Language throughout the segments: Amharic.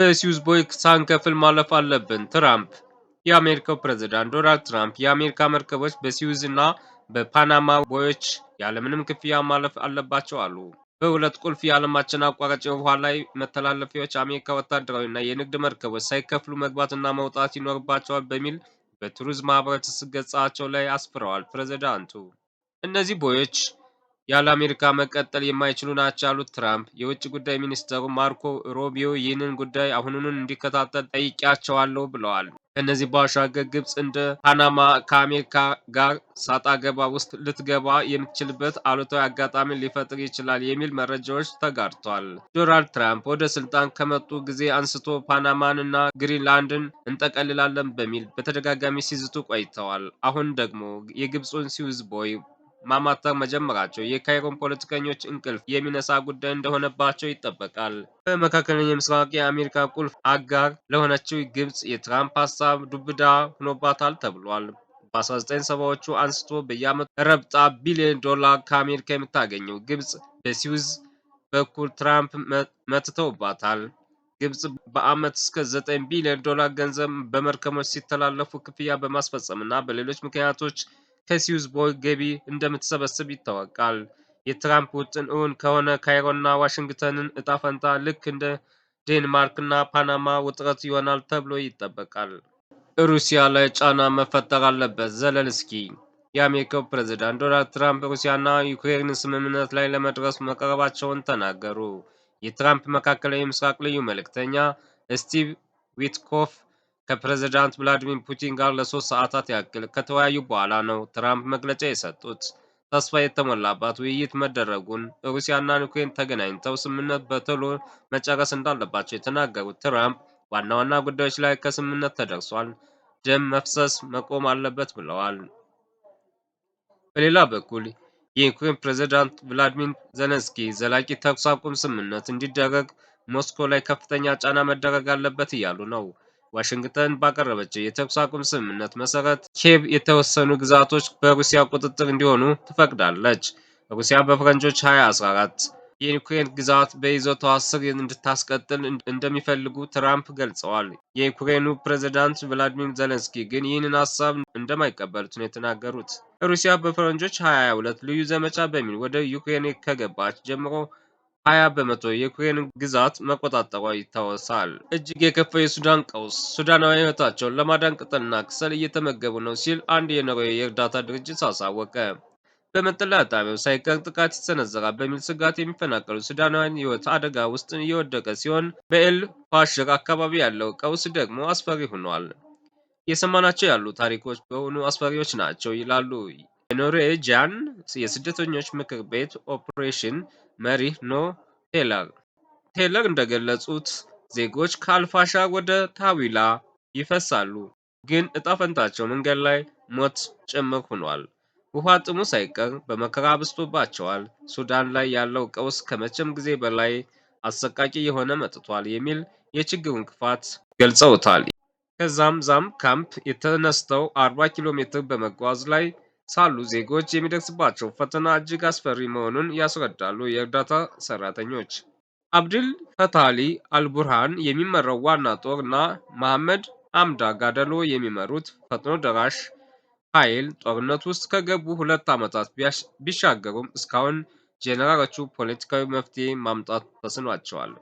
በስዊዝ ቦይ ሳንከፍል ማለፍ አለብን። ትራምፕ የአሜሪካው ፕሬዝዳንት ዶናልድ ትራምፕ የአሜሪካ መርከቦች በስዊዝ እና በፓናማ ቦዮች ያለምንም ክፍያ ማለፍ አለባቸው አሉ። በሁለት ቁልፍ የዓለማችን አቋራጭ የውሃ ላይ መተላለፊያዎች አሜሪካ ወታደራዊና የንግድ መርከቦች ሳይከፍሉ መግባትና መውጣት ይኖርባቸዋል በሚል በቱሪዝም ማህበረሰብ ገጻቸው ላይ አስፍረዋል ፕሬዚዳንቱ እነዚህ ቦዮች ያለ አሜሪካ መቀጠል የማይችሉ ናቸው ያሉት ትራምፕ የውጭ ጉዳይ ሚኒስትሩ ማርኮ ሮቢዮ ይህንን ጉዳይ አሁኑንን እንዲከታተል ጠይቂያቸዋለሁ ብለዋል። ከእነዚህ ባሻገር ግብፅ እንደ ፓናማ ከአሜሪካ ጋር ሳጣ ገባ ውስጥ ልትገባ የምትችልበት አሉታዊ አጋጣሚ ሊፈጥር ይችላል የሚል መረጃዎች ተጋርቷል። ዶናልድ ትራምፕ ወደ ስልጣን ከመጡ ጊዜ አንስቶ ፓናማን እና ግሪንላንድን እንጠቀልላለን በሚል በተደጋጋሚ ሲዝቱ ቆይተዋል። አሁን ደግሞ የግብፁን ሲውዝ ቦይ ማማተር መጀመራቸው የካይሮን ፖለቲከኞች እንቅልፍ የሚነሳ ጉዳይ እንደሆነባቸው ይጠበቃል። በመካከለኛ ምስራቅ የአሜሪካ ቁልፍ አጋር ለሆነችው ግብጽ የትራምፕ ሀሳብ ዱብዳ ሆኖባታል ተብሏል። በ1970ዎቹ አንስቶ በየዓመቱ ረብጣ ቢሊዮን ዶላር ከአሜሪካ የምታገኘው ግብጽ በሲዩዝ በኩል ትራምፕ መትተውባታል። ግብጽ በዓመት እስከ 9 ቢሊዮን ዶላር ገንዘብ በመርከሞች ሲተላለፉ ክፍያ በማስፈጸምና በሌሎች ምክንያቶች ቦይ ገቢ እንደምትሰበስብ ይታወቃል። የትራምፕ ውጥን እውን ከሆነ ካይሮና ዋሽንግተንን እጣ ፈንታ ልክ እንደ ዴንማርክና ፓናማ ውጥረት ይሆናል ተብሎ ይጠበቃል። ሩሲያ ላይ ጫና መፈጠር አለበት ዘለንስኪ። የአሜሪካው ፕሬዝዳንት ዶናልድ ትራምፕ ሩሲያና ዩክሬን ስምምነት ላይ ለመድረስ መቀረባቸውን ተናገሩ። የትራምፕ መካከለኛው ምስራቅ ልዩ መልእክተኛ ስቲቭ ዊትኮፍ ከፕሬዝዳንት ቭላዲሚር ፑቲን ጋር ለሶስት ሰዓታት ያክል ከተወያዩ በኋላ ነው ትራምፕ መግለጫ የሰጡት። ተስፋ የተሞላባት ውይይት መደረጉን ሩሲያና ዩክሬን ተገናኝተው ስምምነት በቶሎ መጨረስ እንዳለባቸው የተናገሩት ትራምፕ ዋና ዋና ጉዳዮች ላይ ከስምምነት ተደርሷል፣ ደም መፍሰስ መቆም አለበት ብለዋል። በሌላ በኩል የዩክሬን ፕሬዝዳንት ቭላዲሚር ዘለንስኪ ዘላቂ ተኩስ አቁም ስምምነት እንዲደረግ ሞስኮ ላይ ከፍተኛ ጫና መደረግ አለበት እያሉ ነው። ዋሽንግተን ባቀረበችው የተኩስ አቁም ስምምነት መሰረት ኬብ የተወሰኑ ግዛቶች በሩሲያ ቁጥጥር እንዲሆኑ ትፈቅዳለች። ሩሲያ በፈረንጆች 2014 የዩክሬን ግዛት በይዞታዋ ስር እንድታስቀጥል እንደሚፈልጉ ትራምፕ ገልጸዋል። የዩክሬኑ ፕሬዝዳንት ቭላዲሚር ዜሌንስኪ ግን ይህንን ሀሳብ እንደማይቀበሉት ነው የተናገሩት። ሩሲያ በፈረንጆች 2022 ልዩ ዘመቻ በሚል ወደ ዩክሬን ከገባች ጀምሮ ሀያ በመቶ የኩዌን ግዛት መቆጣጠሯ ይታወሳል። እጅግ የከፋ የሱዳን ቀውስ ሱዳናዊ ሕይወታቸውን ለማዳን ቅጠልና ክሰል እየተመገቡ ነው ሲል አንድ የኖርዌይ የእርዳታ ድርጅት አሳወቀ። በመጠለያ ጣቢያው ሳይቀር ጥቃት ይሰነዘራል በሚል ስጋት የሚፈናቀሉ ሱዳናውያን ሕይወት አደጋ ውስጥ እየወደቀ ሲሆን፣ በኤል ፋሽር አካባቢ ያለው ቀውስ ደግሞ አስፈሪ ሆኗል። የሰማናቸው ያሉ ታሪኮች በሆኑ አስፈሪዎች ናቸው ይላሉ። የኖርዌጂያን የስደተኞች ምክር ቤት ኦፕሬሽን መሪ ኖ ቴለር ቴለር እንደገለጹት ዜጎች ከአልፋሻ ወደ ታዊላ ይፈሳሉ፣ ግን እጣፈንታቸው መንገድ ላይ ሞት ጭምር ሆኗል። ውሃ ጥሙ ሳይቀር በመከራ በዝቶባቸዋል። ሱዳን ላይ ያለው ቀውስ ከመቼም ጊዜ በላይ አሰቃቂ የሆነ መጥቷል የሚል የችግሩን ክፋት ገልጸውታል። ከዛምዛም ዛም ካምፕ የተነስተው 40 ኪሎ ሜትር በመጓዝ ላይ ሳሉ ዜጎች የሚደርስባቸው ፈተና እጅግ አስፈሪ መሆኑን ያስረዳሉ የእርዳታ ሰራተኞች። አብድል ፈታሊ አልቡርሃን የሚመራው ዋና ጦር እና መሐመድ አምዳ ጋደሎ የሚመሩት ፈጥኖ ደራሽ ኃይል ጦርነት ውስጥ ከገቡ ሁለት ዓመታት ቢሻገሩም እስካሁን ጄኔራሎቹ ፖለቲካዊ መፍትሄ ማምጣት ተስኗቸዋል።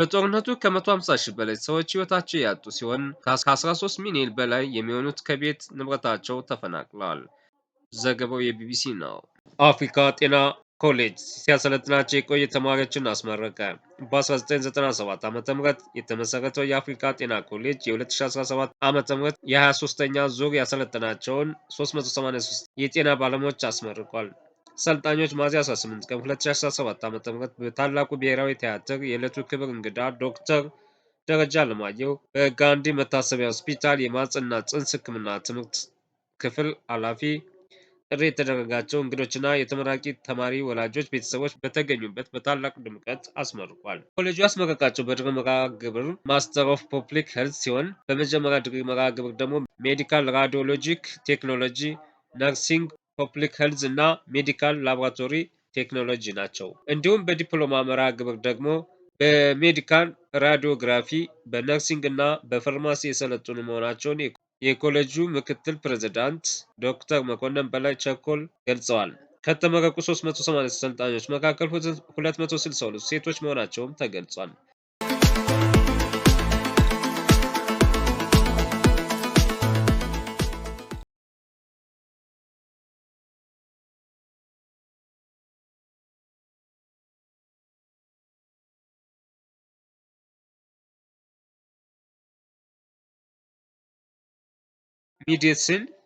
በጦርነቱ ከ150 ሺህ በላይ ሰዎች ሕይወታቸው ያጡ ሲሆን ከ13 ሚሊዮን በላይ የሚሆኑት ከቤት ንብረታቸው ተፈናቅለዋል። ዘገባው የቢቢሲ ነው። አፍሪካ ጤና ኮሌጅ ሲያሰለጥናቸው የቆየ ተማሪዎችን አስመረቀ። በ1997 ዓ ም የተመሰረተው የአፍሪካ ጤና ኮሌጅ የ2017 ዓ ም የ23ኛ ዙር ያሰለጠናቸውን 383 የጤና ባለሙያዎች አስመርቋል። ሰልጣኞች ሚያዝያ 18 ቀን 2017 ዓ ም በታላቁ ብሔራዊ ቲያትር የዕለቱ ክብር እንግዳ ዶክተር ደረጃ አለማየሁ በጋንዲ መታሰቢያ ሆስፒታል የማጽንና ጽንስ ሕክምና ትምህርት ክፍል ኃላፊ ጥሪ የተደረጋቸው እንግዶችና የተመራቂ ተማሪ ወላጆች ቤተሰቦች በተገኙበት በታላቅ ድምቀት አስመርቋል። ኮሌጁ ያስመረቃቸው በድህረ መርሃ ግብር ማስተር ኦፍ ፐብሊክ ሄልት ሲሆን በመጀመሪያ ዲግሪ መርሃ ግብር ደግሞ ሜዲካል ራዲዮሎጂክ ቴክኖሎጂ፣ ነርሲንግ፣ ፐብሊክ ሄልት እና ሜዲካል ላቦራቶሪ ቴክኖሎጂ ናቸው። እንዲሁም በዲፕሎማ መርሃ ግብር ደግሞ በሜዲካል ራዲዮግራፊ፣ በነርሲንግ እና በፋርማሲ የሰለጠኑ መሆናቸውን የኮሌጁ ምክትል ፕሬዝዳንት ዶክተር መኮንን በላይ ቸኮል ገልጸዋል። ከተመረቁ 380 ተሰልጣኞች መካከል 262 ሴቶች መሆናቸውም ተገልጿል። mediated